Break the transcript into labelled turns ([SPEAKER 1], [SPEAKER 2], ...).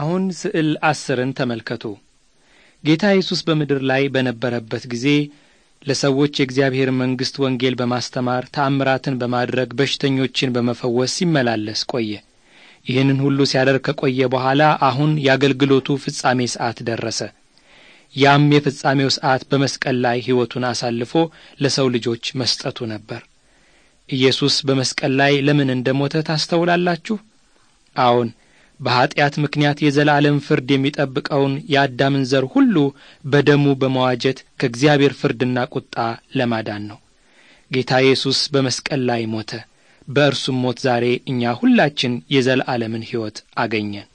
[SPEAKER 1] አሁን ስዕል አስርን ተመልከቱ። ጌታ ኢየሱስ በምድር ላይ በነበረበት ጊዜ ለሰዎች የእግዚአብሔር መንግሥት ወንጌል በማስተማር ተአምራትን በማድረግ በሽተኞችን በመፈወስ ሲመላለስ ቆየ። ይህንን ሁሉ ሲያደርግ ከቆየ በኋላ አሁን የአገልግሎቱ ፍጻሜ ሰዓት ደረሰ። ያም የፍጻሜው ሰዓት በመስቀል ላይ ሕይወቱን አሳልፎ ለሰው ልጆች መስጠቱ ነበር። ኢየሱስ በመስቀል ላይ ለምን እንደ ሞተ ታስተውላላችሁ? አዎን በኀጢአት ምክንያት የዘላለም ፍርድ የሚጠብቀውን የአዳምን ዘር ሁሉ በደሙ በመዋጀት ከእግዚአብሔር ፍርድና ቁጣ ለማዳን ነው። ጌታ ኢየሱስ በመስቀል ላይ ሞተ። በእርሱም ሞት ዛሬ እኛ ሁላችን የዘላለምን ሕይወት አገኘን።